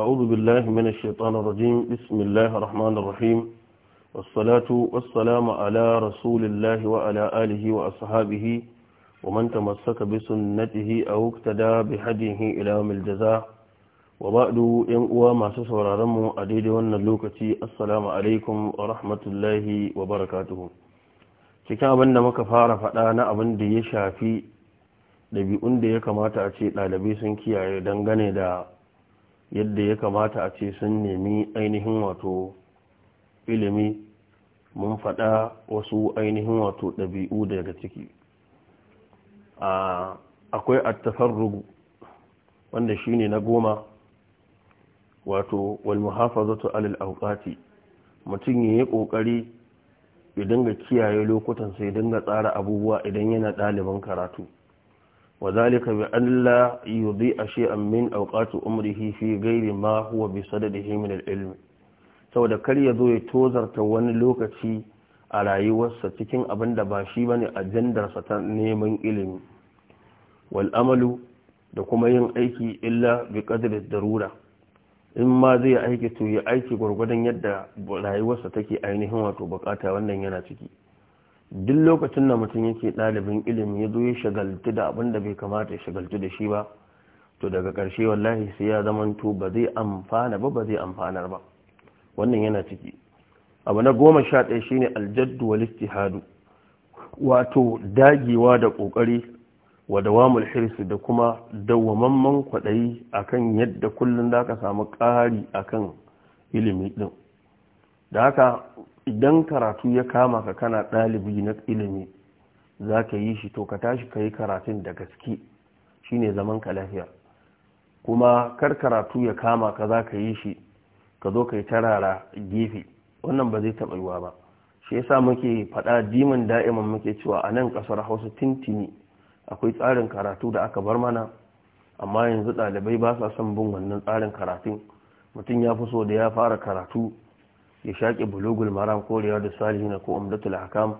أعوذ بالله من الشيطان الرجيم بسم الله الرحمن الرحيم والصلاة والسلام على رسول الله وعلى آله وأصحابه ومن تمسك بسنته أو اقتدى بهديه إلى يوم الجزاء وبعد ينقوى ما سسور رمو أديد ونلوكتي السلام عليكم ورحمة الله وبركاته cikin abin da muka fara faɗa na abin da ya shafi ɗabi'un da ya kamata a ce ɗalibai sun kiyaye dangane da yadda ya kamata a ce sun nemi ainihin wato ilimi mun faɗa wasu ainihin wato ɗabi'u daga ciki akwai attafarrugu wanda shi ne na goma wato walmuhafazatu alal aukati mutum yi ƙoƙari ya dinga kiyaye lokutan sai dinga tsara abubuwa idan yana ɗaliban karatu وذلك بأن لا يضيء a من أوقات أمره في غير ما هو بصدده من العلم saboda kar ya zo ya tozarta wani lokaci a rayuwarsa cikin abin da ba shi bane ajandarsa ta neman ilimi wal'amalu da kuma yin aiki illa bi darura in ma zai aiki to ya aiki gurgurdan yadda rayuwarsa take ainihin wato bukata wannan yana ciki duk lokacin da mutum yake ɗalibin ilimi ya zo ya shagaltu da abin da bai kamata ya shagaltu da shi ba to daga ƙarshe wallahi sai ya zamanto ba zai amfana ba ba zai amfanar ba wannan yana ciki abu na goma sha ɗaya shi ne aljaddu wal istihadu wato dagewa da ƙoƙari wa dawamul hirsi da kuma dawwamamman kwaɗayi akan yadda kullum za ka samu ƙari akan ilimi ɗin da haka idan karatu ya kama ka kana ɗalibi na ilimi za ka yi shi to ka tashi ka yi karatun da gaske shine zaman ka lafiya kuma kar karatu ya kama ka za ka yi shi ka zo ka yi tarara gefe wannan ba zai taɓa yiwa ba shi yasa muke faɗa dimin da'iman muke cewa a nan ƙasar hausa tintini akwai tsarin karatu da aka bar mana amma yanzu ɗalibai ba sa son bin wannan tsarin karatun mutum ya fi so da ya fara karatu ya shaƙe bulugul maram korewa da na ko umdatul hakam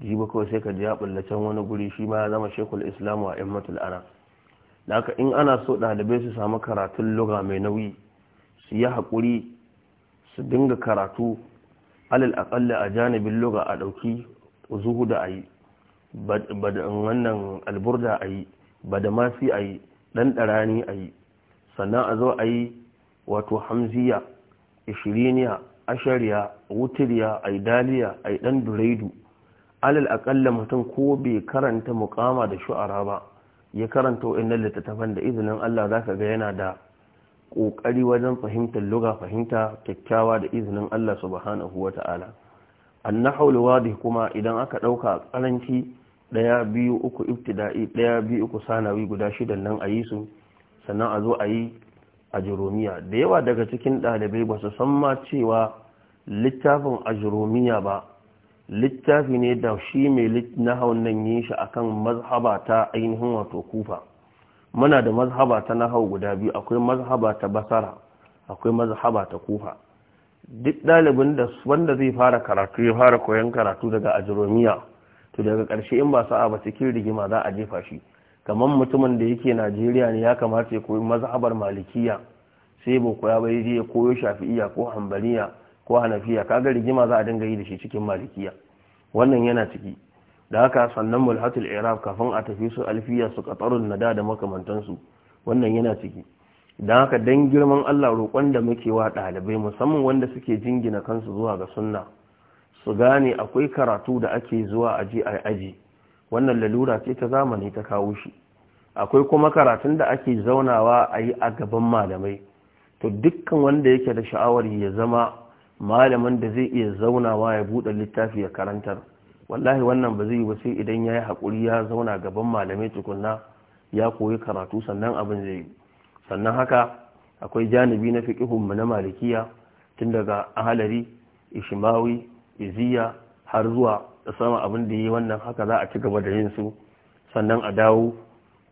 jibi kawai sai ka ji ya can wani guri shi ma ya zama shekul islam wa immatul ana da haka in ana so ɗalibai su samu karatun luga mai nauyi su yi haƙuri su dinga karatu alal aƙalla a janibin luga a ɗauki zuhu da a yi wannan alburda a yi badamasi a yi ɗan ɗarani a yi sannan a zo a yi wato hamziya ishiriniya ashariya wutiriya aidaliya aidan duraidu alal aƙalla mutum ko bai karanta mukama da shu'ara ba ya karanta wa'annan littattafan da izinin Allah zaka ga yana da ƙoƙari wajen fahimtar luga fahimta kyakkyawa da izinin Allah subhanahu wata'ala annahu wadih kuma idan aka ɗauka karanci daya biyu uku ibtida'i daya biyu uku sanawi guda shidan nan ayi su sannan a zo a yi a jiromiya da yawa daga cikin ɗalibai ba su san ma cewa littafin a ba littafi ne da shi mai nahau nan yi shi akan mazhaba ta ainihin wato kufa muna da mazhaba ta nahau guda biyu akwai mazhaba ta basara akwai mazhaba ta kufa duk ɗalibin da wanda zai fara karatu ya fara koyon karatu daga ajiromiya to daga ƙarshe in ba sa'a ba cikin rigima za a jefa shi kamar mutumin da yake najeriya ne ya kamata ya koyi mazhabar malikiya sai ba ya bai ya koyo shafi'iya ko hambaliya ko hanafiya kaga rigima za a dinga yi da shi cikin malikiya wannan yana ciki da haka sannan mulhatul iraq kafin a tafi su alfiya su qatarun nada da makamantansu wannan yana ciki don haka dan girman Allah roƙon da muke wa ɗalibai musamman wanda suke jingina kansu zuwa ga sunna su gane akwai karatu da ake zuwa aji a aji wannan lalura ce ta zamani ta kawo shi akwai kuma karatun da ake zaunawa a yi a gaban malamai to dukkan wanda yake da sha'awar ya zama malamin da zai iya zaunawa ya buɗe littafi ya karantar wallahi wannan ba zai yi ba sai idan ya yi haƙuri ya zauna gaban malamai tukunna ya koyi karatu sannan abin zai yi sannan haka akwai janibi na mu na malikiya tun daga ahalari ishimawi iziya har zuwa da sama abin da yi wannan haka za a ci gaba da yin su sannan a dawo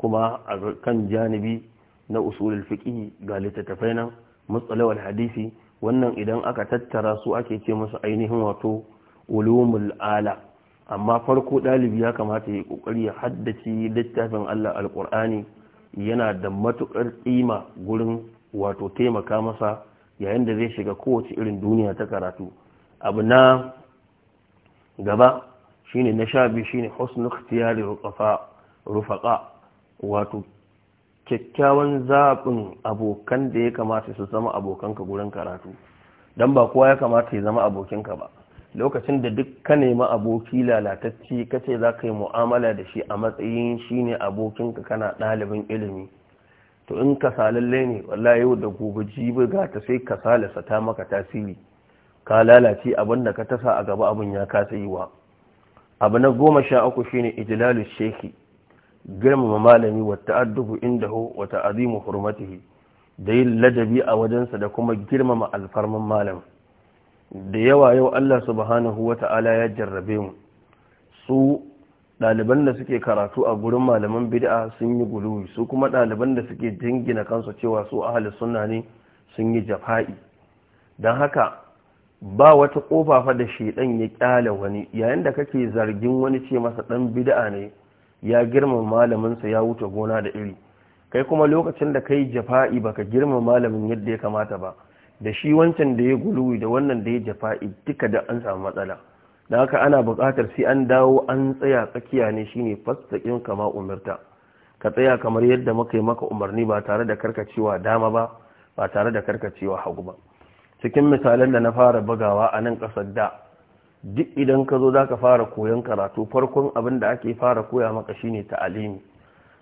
kuma a kan janibi na usulul fiqh ga littattafai nan mustalawal hadisi wannan idan aka tattara su ake ce musu ainihin wato ulumul ala amma farko dalibi ya kamata ya kokari ya haddace littafin Allah alqur'ani yana da matukar kima gurin wato taimaka masa yayin da zai shiga kowace irin duniya ta karatu abu na gaba shine na sha biyu shine husnu ikhtiyari rufaqa rufaqa wato kyakkyawan zaɓin abokan da ya kamata su zama abokanka gurin karatu don ba kowa ya kamata ya zama abokinka ba lokacin da duk ka nemi aboki lalatacci kace za ka yi mu'amala da shi a matsayin shi ne abokinka kana ɗalibin ilimi to in ka salalle ne wallahi yau da gobe jibi ga ta sai ka salasa ta maka tasiri ka lalace abin da ka tasa a gaba abin ya kasa yi wa abu na goma sha uku shine ijlalu sheki girmama malami wa inda hu wa azimu hurmatihi da yin ladabi a wajensa da kuma girmama alfarman malam da yawa yau Allah subhanahu wa ta'ala ya jarrabe mu su ɗaliban da suke karatu a gurin malaman bid'a sun yi guluwi su kuma ɗaliban da suke jingina kansu cewa su ahali sunna ne sun yi jafa'i don haka ba wata ƙofafa fa da shaidan ya kyale wani yayin da kake zargin wani ce masa ɗan bid'a ne ya girmama malaminsa ya wuce gona da iri kai kuma lokacin da kai jafa'i baka girmama malamin yadda ya kamata ba da shi wancan da ya guluwi da wannan da ya jafa'i duka da an samu matsala da haka ana buƙatar sai an dawo an tsaya tsakiya ne shine fastaqin kama umarta ka tsaya kamar yadda muka yi maka umarni ba tare da karkacewa dama ba ba tare da karkacewa hagu ba cikin misalin da na fara bugawa a nan ƙasar da duk idan ka zo za ka fara koyon karatu farkon abin da ake fara koya maka shi ne ta'alimi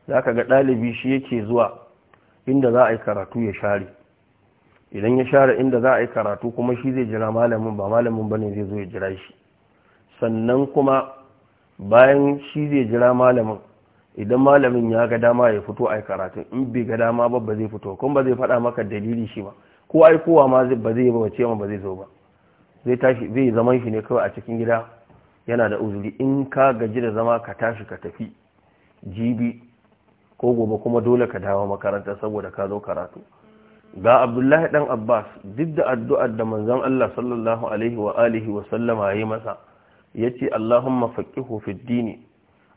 za ka ga ɗalibi shi yake zuwa inda za a yi karatu ya share idan ya share inda za a yi karatu kuma shi zai jira malamin ba malamin ba ne zai zo ya jira shi sannan kuma bayan shi zai jira malamin idan malamin ya ga dama ya fito a yi karatu in bai ga dama ba ba zai fito kuma ba zai faɗa maka dalili shi ba ko aikowa ma ba zai ba ce ma ba zai zo ba zai tashi zai zaman shi ne kawai a cikin gida yana da uzuri in ka gaji da zama ka tashi ka tafi jibi ko gobe kuma dole ka dawo makaranta saboda ka zo karatu ga abdullahi dan abbas duk da addu'ar da manzon Allah sallallahu alaihi wa alihi wa sallama yayi masa yace Allahumma faqihu fi dini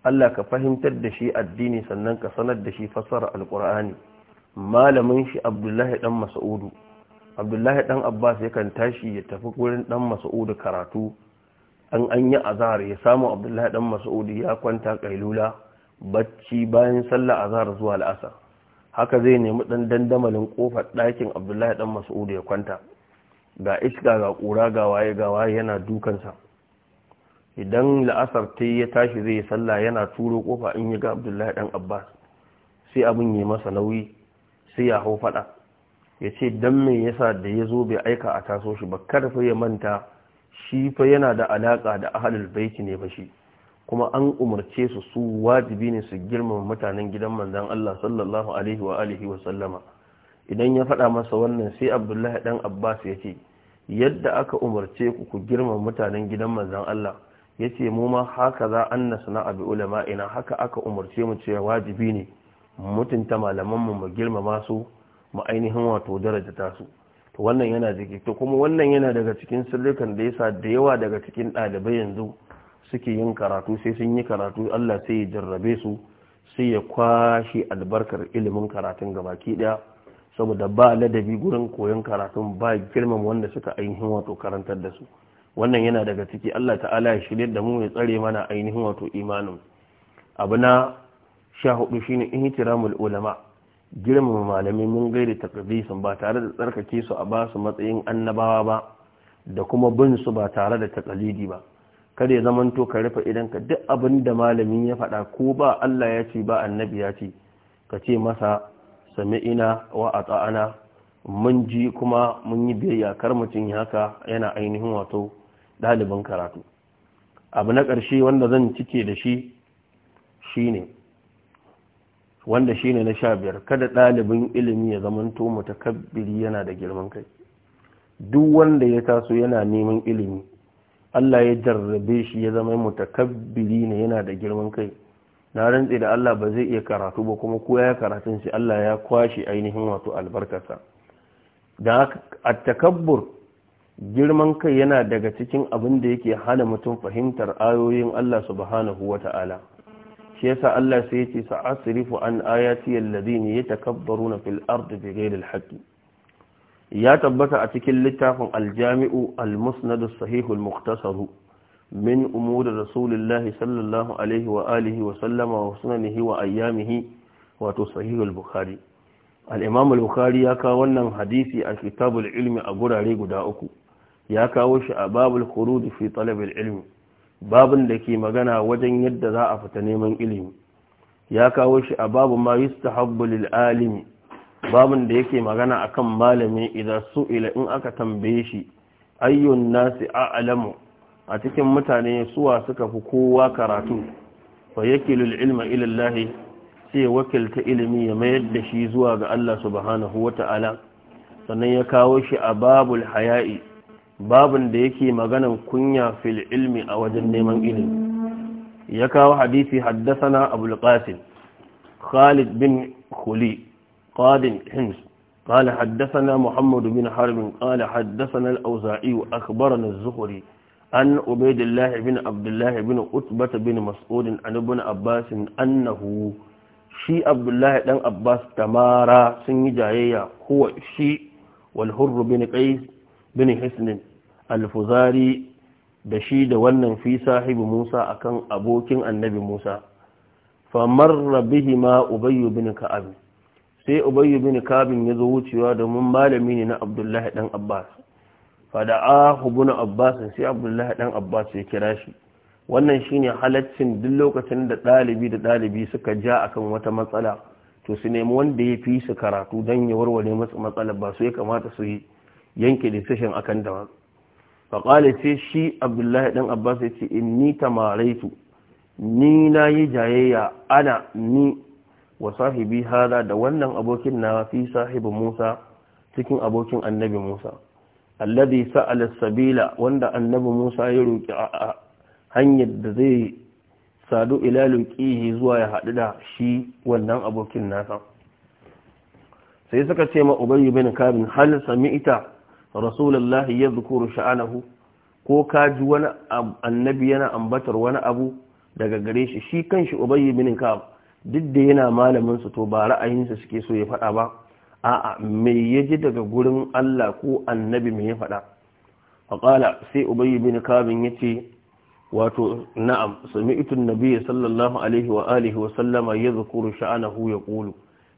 Allah ka fahimtar da shi addini sannan ka sanar da shi fasara alqur'ani malamin shi abdullahi dan mas'udu abdullahi dan abbas yakan tashi ya tafi wurin dan mas'ud karatu an an yi azhar ya samu abdullahi dan mas'ud ya kwanta kailula bacci bayan sallah azhar zuwa al'asar haka zai nemi dan dandamalin kofar dakin abdullahi dan mas'ud ya kwanta ga iska ga ƙura ga waye ga waye yana dukansa idan la'asar ta ya tashi zai sallah yana turo kofa in ya ga abdullahi dan abbas sai abin yi masa nauyi sai ya hau faɗa. ya ce don me yasa da ya zo bai aika a taso shi ba karfa ya manta shi fa yana da alaƙa da ahalul baiti ne ba shi kuma an umarce su su wajibi ne su girmama mutanen gidan manzan Allah sallallahu alaihi wa alihi wa sallama idan ya faɗa masa wannan sai Abdullahi Ɗan Abbas ya ce yadda aka umarce ku ku girmama mutanen gidan manzan Allah Ya ce mu ma haka za anna sana'a bi ina haka aka umarce mu cewa wajibi ne mutunta malamanmu mu mu girmama su mu ainihin wato daraja tasu to wannan yana jiki to kuma wannan yana daga cikin sirrikan da yasa da yawa daga cikin ɗalibai yanzu suke yin karatu sai sun yi karatu Allah sai ya jarrabe su sai ya kwashe albarkar ilimin karatun gabaki daya saboda ba ladabi gurin koyon karatu ba girman wanda suka ainihin wato karantar da su wannan yana daga ciki Allah ta'ala ya shirye da mu ya tsare mana ainihin wato imanin abu na sha hudu shine ihtiramul ulama girmama malamai mun gaida taqdisin ba tare da tsarkake su a basu matsayin annabawa ba da kuma bin su ba tare da takalidi ba kada ya zamanto ka rufe idan ka duk abin da malamin ya faɗa ko ba Allah ya ce ba annabi ya ce ka ce masa sami'ina wa ata'ana mun ji kuma mun yi biyayya kar mutum haka yana ainihin wato ɗaliban karatu abu na ƙarshe wanda zan cike da shi shine wanda shine na sha biyar kada ɗalibin ilimi ya zamanto mutakabbiri yana da girman kai duk wanda ya taso yana neman ilimi Allah ya jarrabe shi ya zama mu mutakabbiri ne yana da girman kai na rantse da Allah ba zai iya karatu ba kuma ko ya karatu shi Allah ya kwashe ainihin wato albarkarsa da at-takabbur girman kai yana daga cikin abin da yake hana mutum fahimtar ayoyin Allah subhanahu wata'ala shi yasa Allah sai ya sa sa'asrifu an ayati alladhina yatakabbaruna fil ardi bighayri al-haqq ya tabbata a cikin littafin al-jami'u al-musnad as-sahih al-mukhtasar min umur rasulillahi sallallahu alaihi wa alihi wa sallama wa sunanihi wa ayyamihi wato sahih al-bukhari al-imam al-bukhari ya kawo wannan hadisi a kitabul ilmi a gurare guda uku ya kawo shi a babul khuruj fi talab al-ilmi babin da ke magana wajen yadda za a fita neman ilimi ya kawo shi a babu ma yustahabbu lil alimi babin da yake magana a kan malami idan su ila in aka tambaye shi ayyun nasi a'lamu a cikin mutane suwa suka fi kowa karatu fa yakilul ilma ila Allah sai wakilta ilimi ya mayar da shi zuwa ga Allah subhanahu wata'ala sannan ya kawo shi a babul haya'i babin da yake magana kunya fil ilmi a wajen neman ilmi ya kawo hadisi haddasana abu khalid bin khuli khalid hins kala haddasana muhammadu bin harbi kala haddasana al’auza’i wa akabar na zuhuri an obedin bin abdullahi bin utbata bin masudin anubin abbasin annahu shi abdullahi dan abbas tamara sun yi jayayya kuwa shi walhurru bin ƙais bin hisnin alfuzari da shi da wannan fi sahibu musa akan abokin annabi musa famar rabihi ma ubayyu bin ka'ab sai ubayyu bin ka'ab ya zo wucewa domin malami ne na abdullahi dan abbas fada'a ibn abbas sai abdullahi dan abbas ya kira shi wannan shine halaccin duk lokacin da dalibi da dalibi suka ja akan wata matsala to su nemi wanda ya fi su karatu don ya warware masu matsalar ba su ya kamata su yi yanke decision akan dawa faƙali sai shi abdullahi ɗan abbas ya ce in ni tamaraitu ni na yi jayayya ana ni wa sahibi hada da wannan abokin na fi sahibi musa cikin abokin annabi musa alladhi sa'ala sabila wanda annabi musa ya roki a hanyar da zai sadu ila luqihi zuwa ya haɗu da shi wannan abokin nasa sai suka ce ma ubayy bin kabin hal ita. rasulullahi yadhkuru sha'anahu ko ka ji wani annabi yana ambatar wani abu daga gare shi shi kanshi ubayy bin ka? duk da yana malamin su to ba ra'ayinsa suke so ya faɗa ba a'a me ji daga gurin Allah ko annabi me ya faɗa faqala sai ubayy bin ya yace wato na'am sami'tu an-nabiy sallallahu alaihi wa alihi wa sallama yadhkuru sha'anahu yaqulu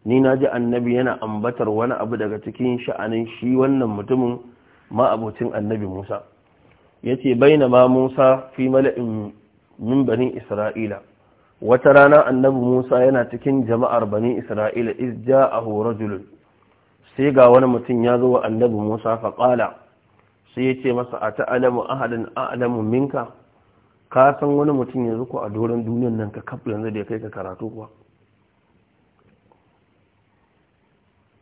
ni na ji annabi yana ambatar wani abu daga cikin sha'anin shi wannan mutumin ma'abocin annabi musa ya ce baina ma musa fi mala'in min bani isra'ila wata rana annabi musa yana cikin jama'ar banin isra'ila iz ja a sai ga wani mutum ya zo wa annabi musa faƙala sai ya ce masa a ta'alamu ahadin alamu minka ka san wani mutum yanzu ku a doron duniyar nan ka kafin yanzu da ya kai ka karatu kuwa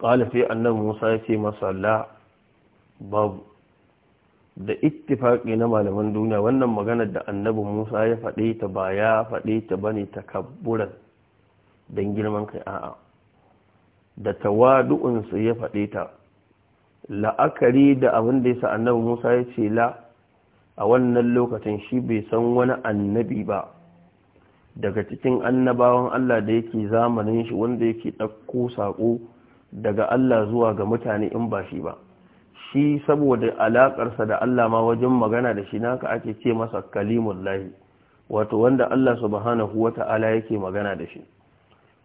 Ƙalafi annan musa ya ce masa babu da ittifaƙi na malaman duniya wannan maganar da annabi musa ya faɗe ta ba ya faɗe ta ba ne takabburan don girman kai a'a da tawadu'unsu ya faɗe ta la'akari da abin da ya sa annabi musa ya ce la a wannan lokacin shi bai san wani annabi ba daga cikin annabawan allah da yake zamanin shi wanda yake ɗauko saƙo daga Allah zuwa ga mutane in ba shi ba shi saboda alakarsa da Allah ma wajen magana da shi naka ake ce masa kalimun lahi wato wanda Allah subhanahu wata'ala yake magana da shi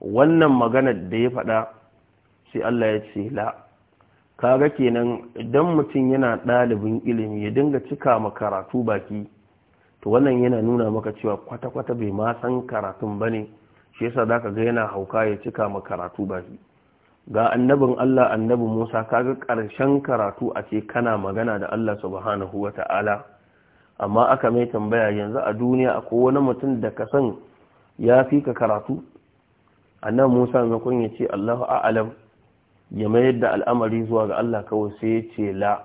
wannan magana da ya faɗa sai Allah ya ce la kaga kenan idan mutum yana ɗalibin ilimi ya dinga cika ma karatu baki to wannan yana nuna maka cewa kwata-kwata bai ma san karatun ba ne, shi yasa ka ga yana hauka ya cika ma karatu baki ga annabin Allah annabi Musa kaga ƙarshen karatu a ce kana magana da Allah subhanahu wa ta'ala amma aka mai tambaya yanzu a duniya a kowane mutum da ka san ya fi ka karatu annabi Musa maimakon ya ce Allahu a'alam ya mayar da al'amari zuwa ga Allah kawai sai ya ce la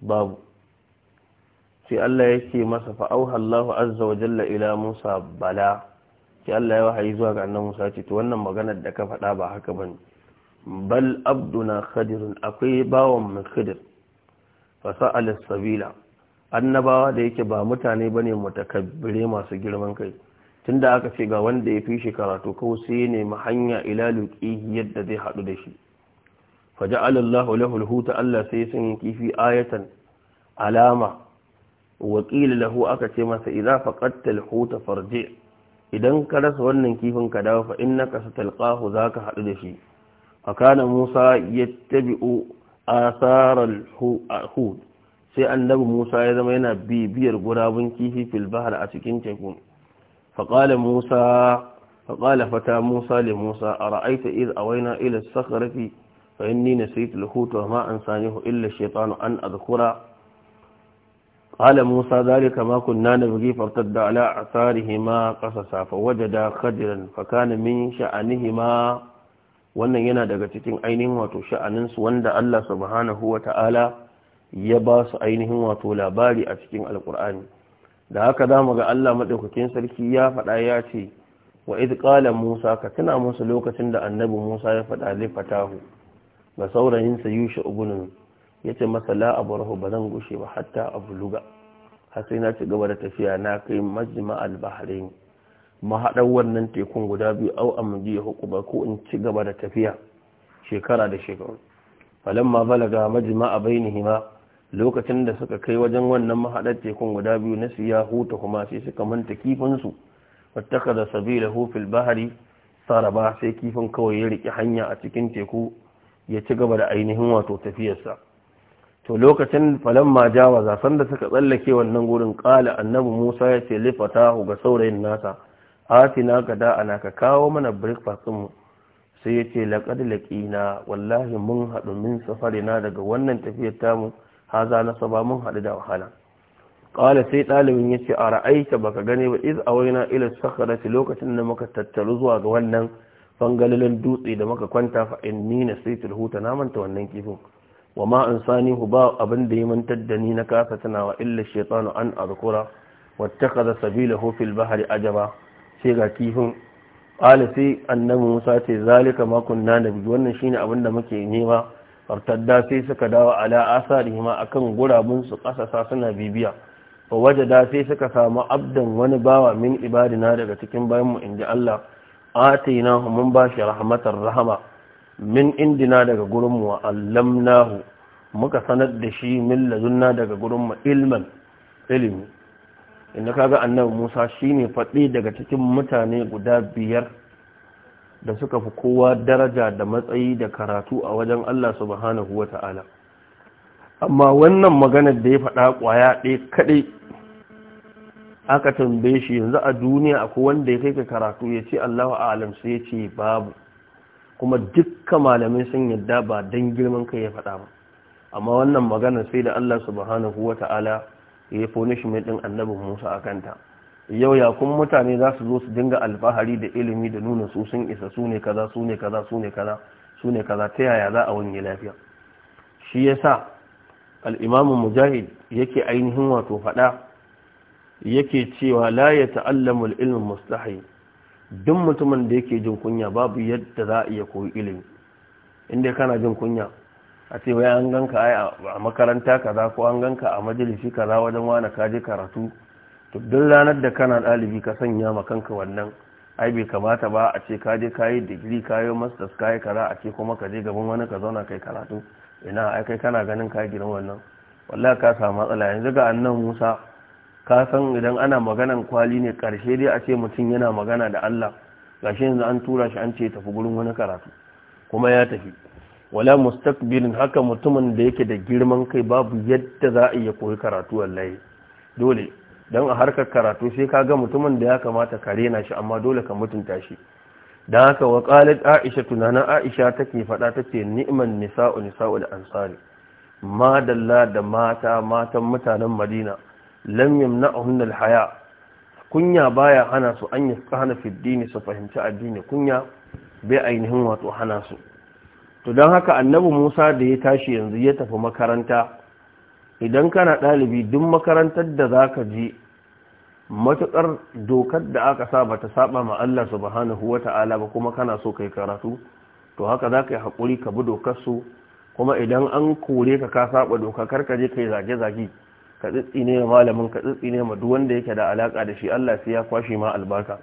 babu sai Allah ya ce masa fa'auha Allahu azza wa jalla ila Musa bala sai Allah ya wahayi zuwa ga annabi Musa ya ce to wannan maganar da ka faɗa ba haka bane bal abduna khadirun akwai bawan mu khadir sabila annabawa da yake ba mutane bane mutakabbire masu girman kai tunda aka ce ga wanda ya fi shi karatu kawai sai ya nemi hanya ila luqihi yadda zai hadu da shi faja'ala Allahu lahu al-huta Allah sai sun kifi ayatan alama wakil lahu aka ce masa idza faqadta al-huta farji idan ka rasa wannan kifin ka dawo fa innaka satalqahu zaka hadu da shi fakana musa ya tabi'u asarar hud sai annabi musa ya zama yana bibiyar gurabun kifi filbahar a cikin teku faƙala musa faƙala fata musa le musa a ra'aita iz a waina ila sakarafi fa inni nasaitu al-hut wa ma ansanihu illa shaytanu an adhkura قال موسى ذلك ما كنا نبغي فارتد على أثارهما قصصا فوجدا خجلا فكان من شأنهما wannan yana daga cikin ainihin wato sha'aninsu wanda Allah subhanahu wa ta'ala ya ba su ainihin wato labari a cikin alkur'ani da haka za mu ga Allah maɗaukakin sarki ya faɗa ya ce wa iz qala musa ka tuna musu lokacin da annabi musa ya faɗa li fatahu ga saurayin sa yusha ibn yace masa la abrahu bazan gushe ba hatta abluga har sai na ci gaba da tafiya na kai majma al-bahrain mahaɗar wannan tekun guda biyu au amji hukuba ko in ci gaba da tafiya shekara da shekaru ma balaga majma'a bainihima lokacin da suka kai wajen wannan mahaɗar tekun guda biyu na siya huta kuma sai suka manta kifin su wattakaza sabilahu fil Bahari saraba sai kifin kawai ya rike hanya a cikin teku ya ci gaba da ainihin wato tafiyarsa to lokacin falamma jawaza sanda suka tsallake wannan gurin ƙala, annabi Musa ya ce lifatahu ga saurayin nasa atina gada ana ka kawo mana breakfast mu sai yace ce laƙad wallahi mun haɗu min safarina daga wannan tafiyar tamu haza na saba mun haɗu da wahala Ƙala sai ɗalibin ya ce a ra'aita baka gane ba iz a waina ila sakarati lokacin da muka tattaru zuwa ga wannan fangalilin dutse da muka kwanta fa in ni na huta na manta wannan kifin wa ma an sani hu abin da ya mantar da ni na kasa tunawa illa shaitanu an azkura wattakaza sabilahu fil bahri ajaba sai ga kifin ala sai annabi musa ce zalika makon na nabi wannan shine abin da muke nema fartadda sai suka dawo ala asari ma akan gurabun su ƙasasa suna bibiya waje wajada sai suka samu abdan wani bawa min ibadina daga cikin bayan mu ji Allah atayna mun ba shi rahmatar rahama min indina daga gurin mu allamnahu muka sanar da shi min lazunna daga gurin mu ilman ilimi inda kaga annabi Musa shine faɗi daga cikin mutane guda biyar da suka fi kowa daraja da matsayi da karatu a wajen Allah subhanahu wata'ala amma wannan maganar da ya faɗa ƙwaya ɗaya kaɗai aka tambaye shi yanzu a duniya akwai wanda ya kai ka karatu ya ce allah a'lam sai ya ce babu kuma dukkan malamai sun yadda ba don girman kai ya faɗa ba amma wannan maganar sai da Allah subhanahu wata'ala ya punishment din annabin Musa a kanta yau ya kun mutane za su zo su dinga alfahari da ilimi da nuna su sun isa su ne kaza su ne kaza su ne kaza su ne kaza ta yaya za a wani lafiya shi yasa al al'imamun Mujahid yake ainihin wato fada yake cewa la ya ta'allamu mustahayi. mustahi duk mutumin da yake jin kunya babu yadda za a iya koyi ilimi inda kana jin kunya a ce wai an ganka a makaranta kaza ko an ganka a majalisi kaza wajen wani kaje karatu to duk ranar da kana dalibi ka sanya ma kanka wannan ai bai kamata ba a ce kaje kayi digiri kayo masters kayi kaza a ce kuma kaje gaban wani ka zauna kai karatu ina ai kai kana ganin ka gidan wannan wallahi ka samu matsala yanzu ga annan Musa ka san idan ana maganan kwali ne karshe dai a ce mutum yana magana da Allah gashi yanzu an tura shi an ce tafi gurin wani karatu kuma ya tafi wala mustaqbilin haka mutumin da yake da girman kai babu yadda za a iya koyi karatu wallahi dole don a harkar karatu sai ka ga mutumin da ya kamata ka rena shi amma dole ka mutunta shi don haka wa aisha tunanin aisha take faɗa tace ni'man nisa'u da ansari madalla da mata matan mutanen madina lam yamna'uhunna haya. kunya baya hana su an yafqahna fi su fahimci addini kunya bai ainihin wato hana su to don haka annabi musa da ya tashi yanzu ya tafi makaranta idan kana ɗalibi duk makarantar da za ka ji matuƙar dokar da aka sa ba ta saba ma Allah subhanahu wa ta'ala ba kuma kana so kai karatu to haka za ka yi haƙuri ka bi dokarsu kuma idan an kore ka ka saba doka karka je ka yi zage-zage ka tsitsine ma malamin ka tsitsine ma duk wanda yake da alaƙa da shi Allah sai ya kwashe ma albarka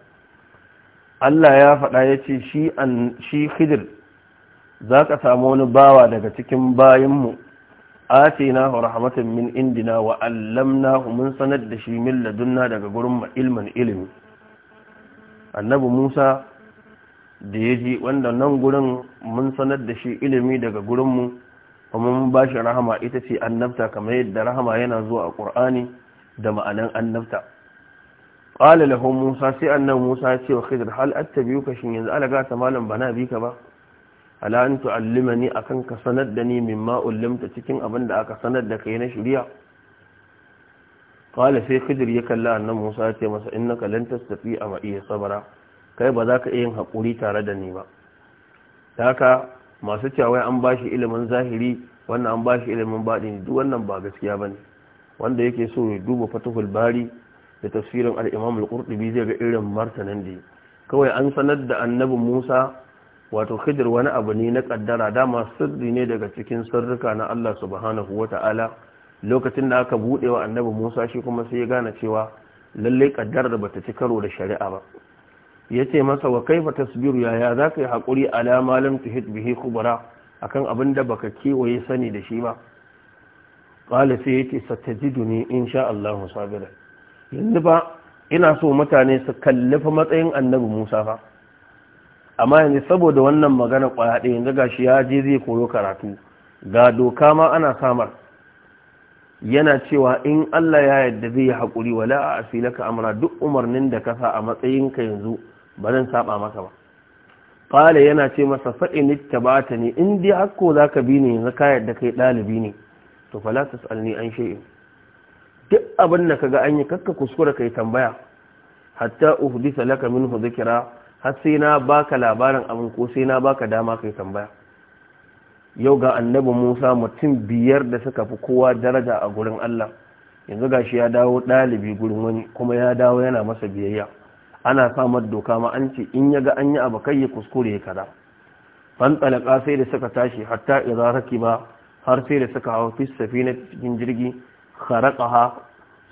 Allah ya faɗa ya ce shi an shi za ka samu wani bawa daga cikin bayanmu na hau rahmatan min indina wa na mun sanar da shi min ladunna daga gurin ilmin ilimi annabi musa da ya ji wanda nan gurin mun sanar da shi ilimi daga gurinmu kuma mun ba shi rahama ita ce annabta kamar yadda rahama yana zuwa a ƙur'ani da ma'anan annabta ƙala musa sai annan musa ce wa khidr hal attabi ka shin yanzu alaga ta malam bana bi ka ba ala an a akan ka sanar da ni mimma ullimta cikin abin da aka sanar da kai na shirya qala sai khidir ya kalla annan musa ce masa innaka kalantar tastati a ma'iya sabara kai ba za ka yin hakuri tare da ni ba haka masu cewa an bashi ilimin zahiri wannan an bashi ilimin baɗi duk wannan ba gaskiya ba ne? wanda yake so ya duba fatahul bari da tafsirin alimamul imam zai ga irin martanin da kawai an sanar da annabi musa wato khidr wani abu ne na kaddara dama sirri ne daga cikin sirrika na Allah subhanahu wata'ala lokacin da aka bude wa annabi Musa shi kuma sai ya gane cewa lalle kaddarar bata ci karo da shari'a ba yace masa wa kaifa tasbiru ya ya zaka yi hakuri ala ma lam tuhit bihi khubara akan abin da baka kewaye sani da shi ba qala sai yace satajiduni insha Allah sabira yanzu ba ina so mutane su kallafa matsayin annabi Musa fa amma yanzu saboda wannan magana kwaya ɗaya yanzu shi ya je zai koyo karatu ga doka ma ana samar yana cewa in Allah ya yarda zai yi haƙuri wala a ka amra duk umarnin da ka sa a matsayinka yanzu ba zan saba masa ba Fale yana ce masa fa in ne, ne in dai hakko zaka bi ni yanzu ka yadda kai dalibi ne to fala tasalni an shay'in duk abin da kaga an yi kakka kuskura kai tambaya hatta uhdisa laka minhu dhikra har sai na baka labarin abin ko sai na baka dama kai tambaya yau ga annabi Musa mutum biyar da suka fi kowa daraja a gurin Allah yanzu gashi ya dawo dalibi gurin wani kuma ya dawo yana masa biyayya ana samar doka ma an ce in ya ga an yi abu kai ya kuskure ya kaza talaka sai da suka tashi hatta idza ba har sai da suka hawo fi safina cikin jirgi kharaqaha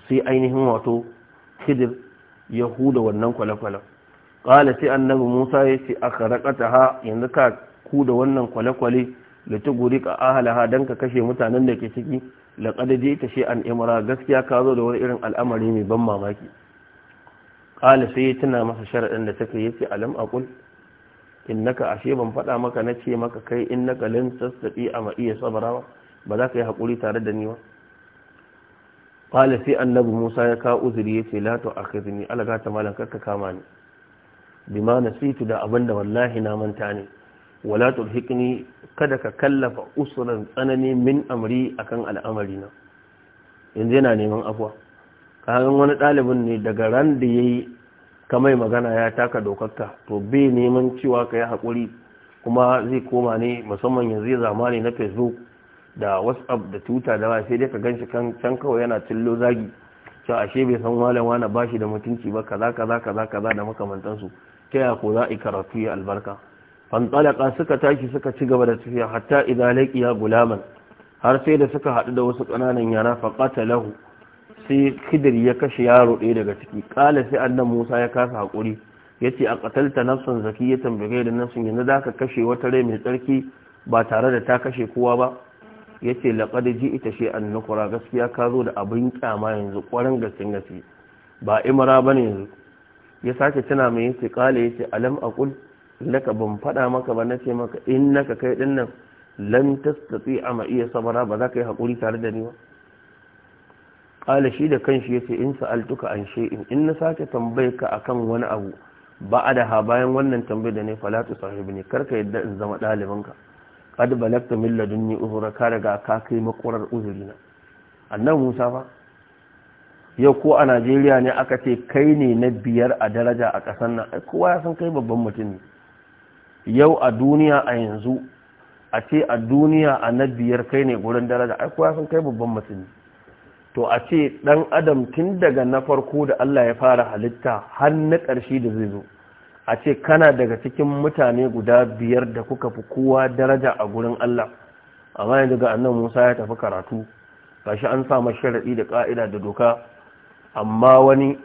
sai ainihin wato kidir yahuda wannan kwale qala sai annabi Musa yace ha yanzu ka ku da wannan kwale-kwale da ta guri ka ahala ha don ka kashe mutanen da ke ciki je ta shi an imara gaskiya ka zo da wani irin al'amari mai ban mamaki kala sai ya tuna masa sharaɗin da take yake alam in naka ashe ban faɗa maka na ce maka kai in naka lan tastabi a ma iya sabarawa ba za ka yi haƙuri tare da ni ba kala sai annabi musa ya kawo uzuri ya yace la to akhirni alaga malam kar ka kama ni bima nasitu da abinda wallahi na manta ne wala tulhiqni kada ka kallafa usran tsanani min amri akan al'amari na yanzu yana neman afwa kayan wani ɗalibin ne daga ran da yayi kamai magana ya taka dokarka to bai neman cewa ka yi haƙuri kuma zai koma ne musamman yanzu ya zamani na facebook da whatsapp da twitter da sai dai ka ganshi can kawai yana cillo zagi cewa ashe bai san walewa na bashi da mutunci ba kaza kaza kaza kaza da makamantansu ta ya ko za a yi karatu ya albarka fantalaka suka tashi suka ci gaba da tafiya hatta idan idalaki ya gulaman har sai da suka haɗu da wasu ƙananan yara faƙata lahu sai khidir ya kashe yaro ɗaya daga ciki ƙala sai annan musa ya kasa haƙuri ya ce a ƙatalta nafsan zaki ya tambaye da nafsan yanzu za ka kashe wata rai mai tsarki ba tare da ta kashe kowa ba ya ce da ji ita shi an nukura gaskiya ka zo da abin ƙyama yanzu ƙwarin gaske gaske ba imara ba ne yanzu ya sake tuna mai yace ya yace alam da laka ban fada maka ba na ce maka in naka kai dinnan lan tastati ama iya sabara ba za ka yi hakuri tare da ni ba kale shi da kanshi yace in sa'altuka an shay'in in na sake tambaye ka akan wani abu ba da ha bayan wannan tambaye da ne falatu sahibi ne ka yadda in zama ɗalibinka kad balagta min ladunni uzura ka daga ka kai makurar uzurina annabi Musa fa yau ko a najeriya ne aka ce kai ne na biyar a daraja a ƙasar nan kowa ya san kai babban mutum ne yau a duniya a yanzu a ce a duniya a na biyar kai ne gurin daraja ai kowa san kai babban mutum to a ce dan adam tun daga na farko da Allah ya fara halitta har na ƙarshe da zai zo a ce kana daga cikin mutane guda biyar da kuka fi kowa daraja a gurin Allah amma yanzu ga annan Musa ya tafi karatu gashi an sa masa sharadi da ka'ida da doka amma wani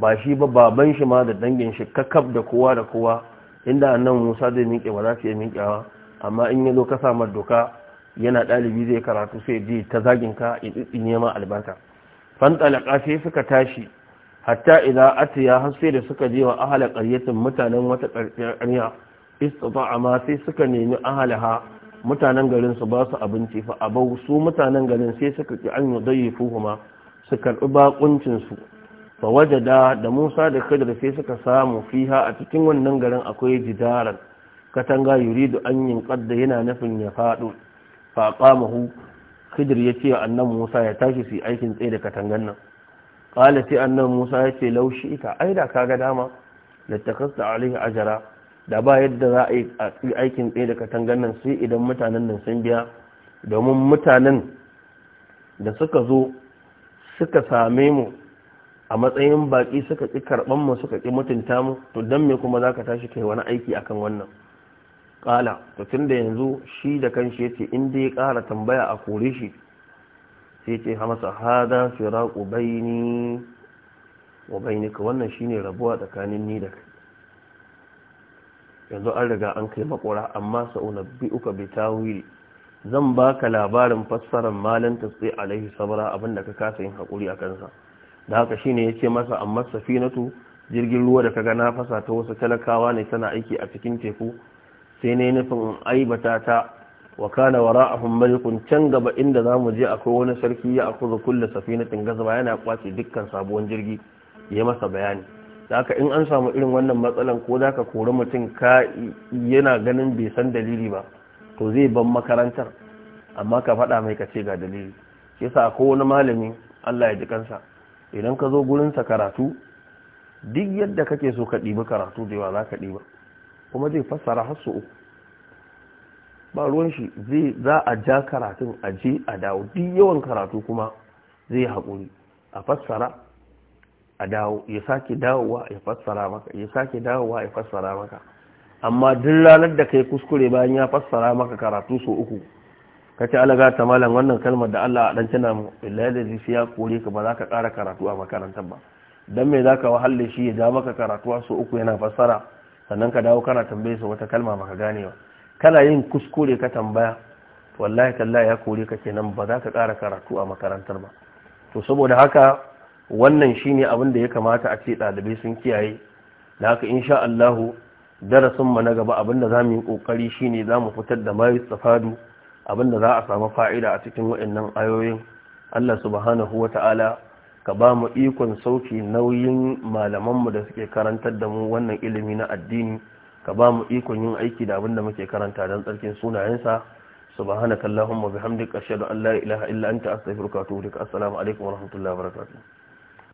ba shi ba baban shi ma da dangin shi kakab da kowa da kowa inda annan musa zai miƙe ba za su iya miƙewa amma in ya zo ka samar doka yana ɗalibi zai karatu sai ji ta zagin ka in ma albarka fantalaka sai suka tashi hatta idan atiya har sai da suka je wa ahala ƙaryatin mutanen wata qarya ba amma sai suka nemi ha mutanen garin su ba su abinci fa abau su mutanen garin sai suka ki an fuhuma. su karɓi baƙuncinsu ba wajada da musa da kadar sai suka samu fiha a cikin wannan garin akwai jidaran katanga yuridu an yin kadda yana nufin ya faɗo faƙamahu khidir ya ce annan musa ya tashi su aikin tsaye da katangan nan ƙala sai annan musa ya ce laushi ita ai da kaga dama littakasta alaihi ajara da ba yadda za a yi aikin tsaye da katangan nan sai idan mutanen nan sun biya domin mutanen da suka zo suka same mu a matsayin baki suka ƙi karɓar mu suka ƙi mutunta mu to don me kuma za ka tashi kai wani aiki akan wannan Ƙala. to tunda yanzu shi da kanshi yace in dai ya ƙara tambaya a kore shi sai ce ha masa hada firaqu baini wa wannan shine rabuwa tsakanin ni da yanzu an riga an kai makura amma sa'unabbi'uka bi tawili zan baka labarin fassarar malan tasbi alaihi sabra abinda ka kasa yin haƙuri a kansa da haka shi ne ya ce masa amma safinatu jirgin ruwa da kaga na fasa ta wasu talakawa ne tana aiki a cikin teku sai ne nufin aibata ta wa kana afin malikun can gaba inda za mu je akwai wani sarki ya akuzu kulle safinatin gazaba yana kwace dukkan sabuwar jirgi ya masa bayani Da haka in an samu irin wannan matsalan ko za ka kori mutum ka yana ganin bai san dalili ba to zai ban makarantar amma ka faɗa mai ka ce ga dalili shi sa ko wani malami Allah ya ji kansa idan ka zo gurinsa karatu duk yadda kake so ka ɗiba karatu da yawa za ka ɗiba kuma zai fassara har su uku ba ruwan shi zai za a ja karatun a je a dawo duk yawan karatu kuma zai haƙuri a fassara a dawo ya sake dawowa ya fassara maka ya sake dawowa ya fassara maka amma duk ranar da kai kuskure bayan ya fassara maka karatu so uku ka ce alaga ta malam wannan kalmar da Allah dan tana mu billahi da zai ya kore ka ba za ka ƙara karatu a makarantar ba dan me za ka wahalle shi ya ja maka karatu so uku yana fassara sannan ka dawo kana tambaye sa wata kalma maka gane ba kana yin kuskure ka tambaya wallahi tallahi ya kore ka kenan ba za ka ƙara karatu a makarantar ba to saboda haka wannan shine abin da ya kamata a ce ɗalibai sun kiyaye da haka insha Allahu darasin mu na gaba abinda za yi kokari shine za mu fitar da mai safadu abinda za a samu fa'ida a cikin waɗannan ayoyin Allah subhanahu wata'ala ka ba mu ikon sauki nauyin malamanmu da suke karantar da mu wannan ilimi na addini ka ba mu ikon yin aiki da abinda muke karanta don tsarkin sunayensa subhanakallahumma bihamdika ashhadu an la ilaha illa anta astaghfiruka wa atubu ilaik assalamu alaikum wa rahmatullahi wa barakatuh